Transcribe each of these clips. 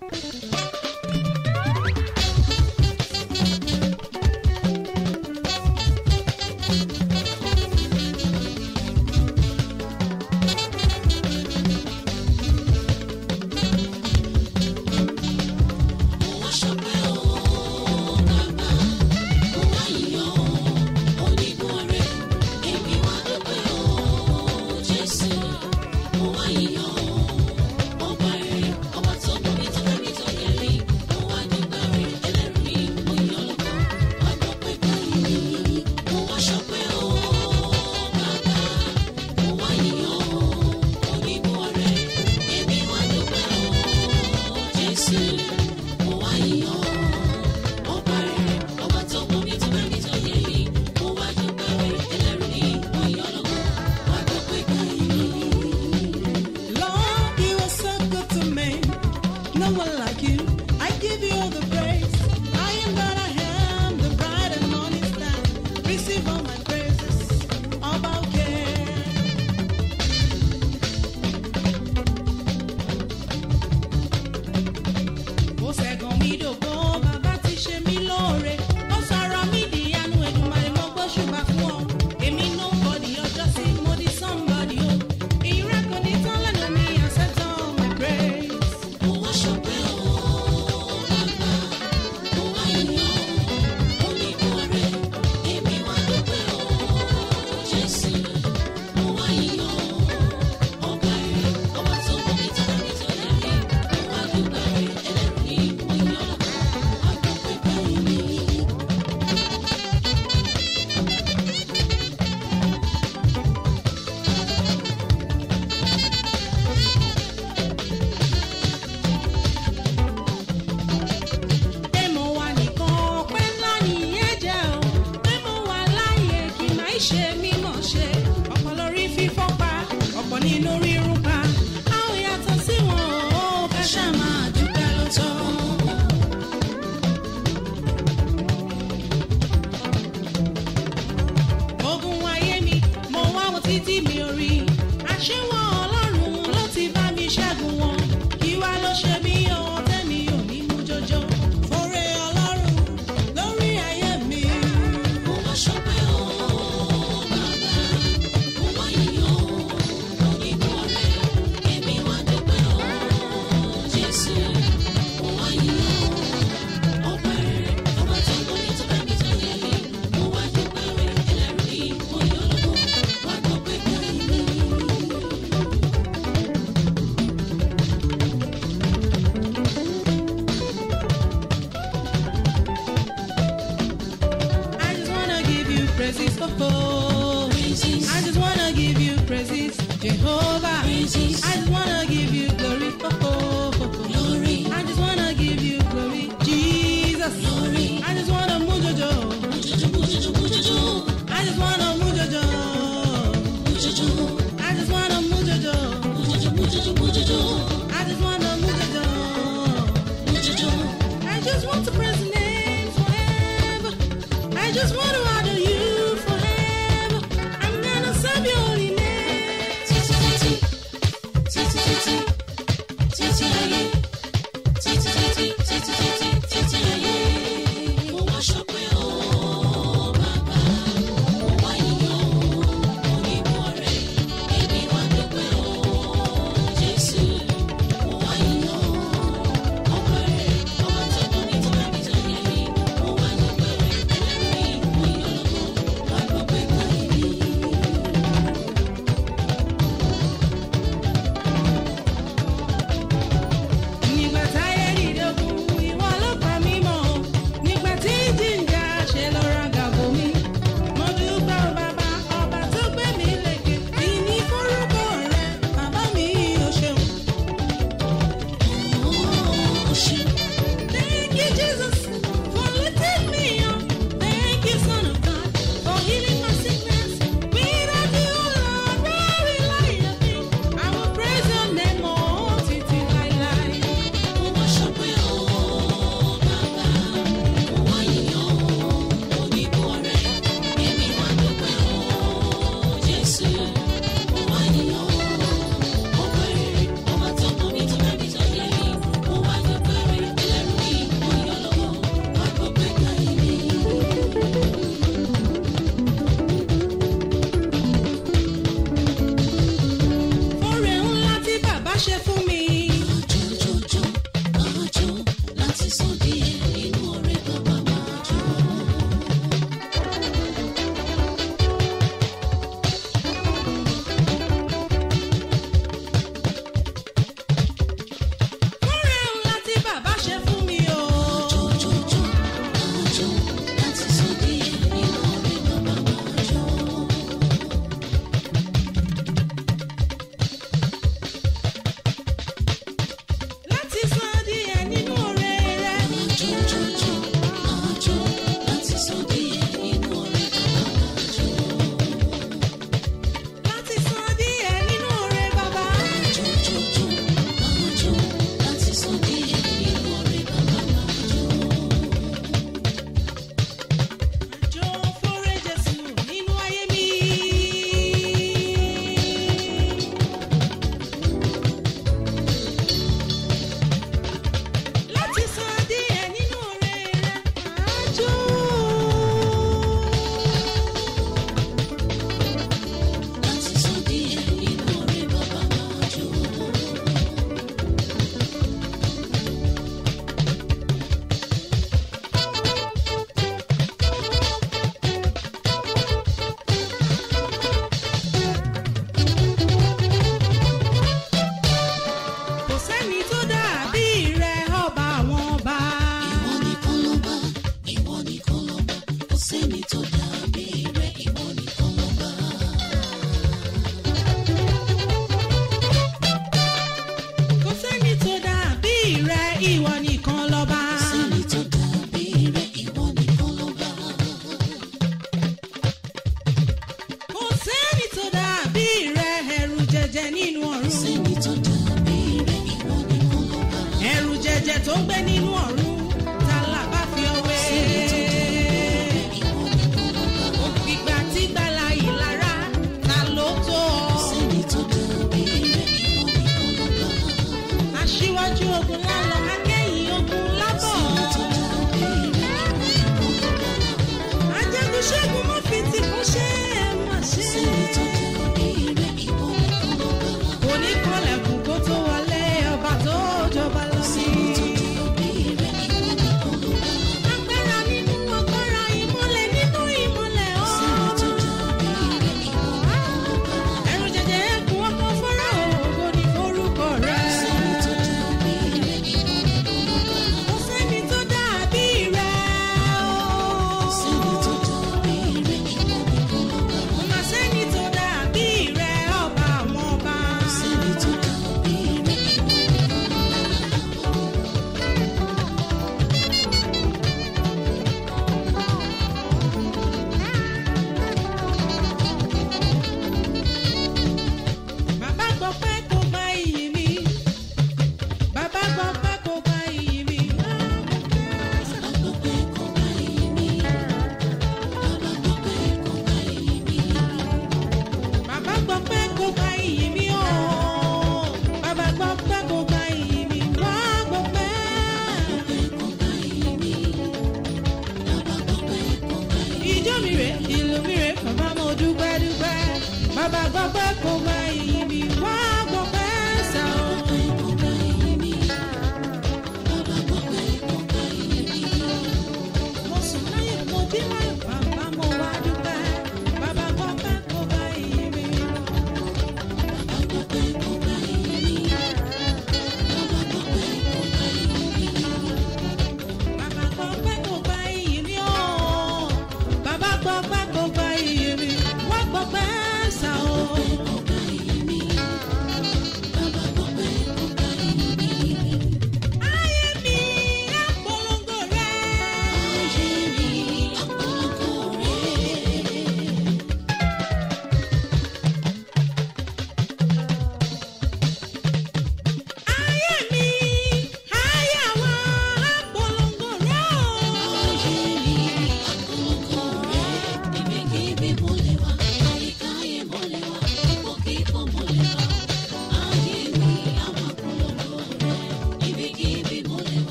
Thank you. resists I just want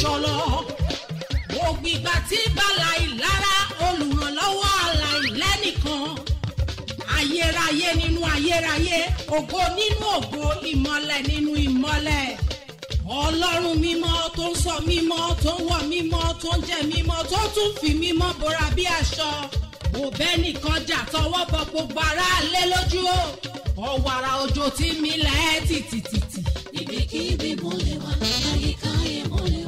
ṣọlọ ògbìgbà tí bala ìlara olùrànlọ́wọ́ aláìlẹ́nìkan ayérayé nínú ayérayé ògo nínú ògo ìmọ́lẹ̀ nínú ìmọ́lẹ̀ ọlọ́run mímọ́ tó ń sọ mímọ́ tó ń wọ̀ mímọ́ tó ń jẹ mímọ́ tó tún fi mímọ́ bora bí aṣọ òbẹ́ nìkan jà tọwọ́ bọ gbogbo ara lé lójú o ọ̀wàrà òjò ti mi lẹ́ẹ̀ tìtìtìtì. ibikíbi mo lè wà àyíká yẹn mo lè.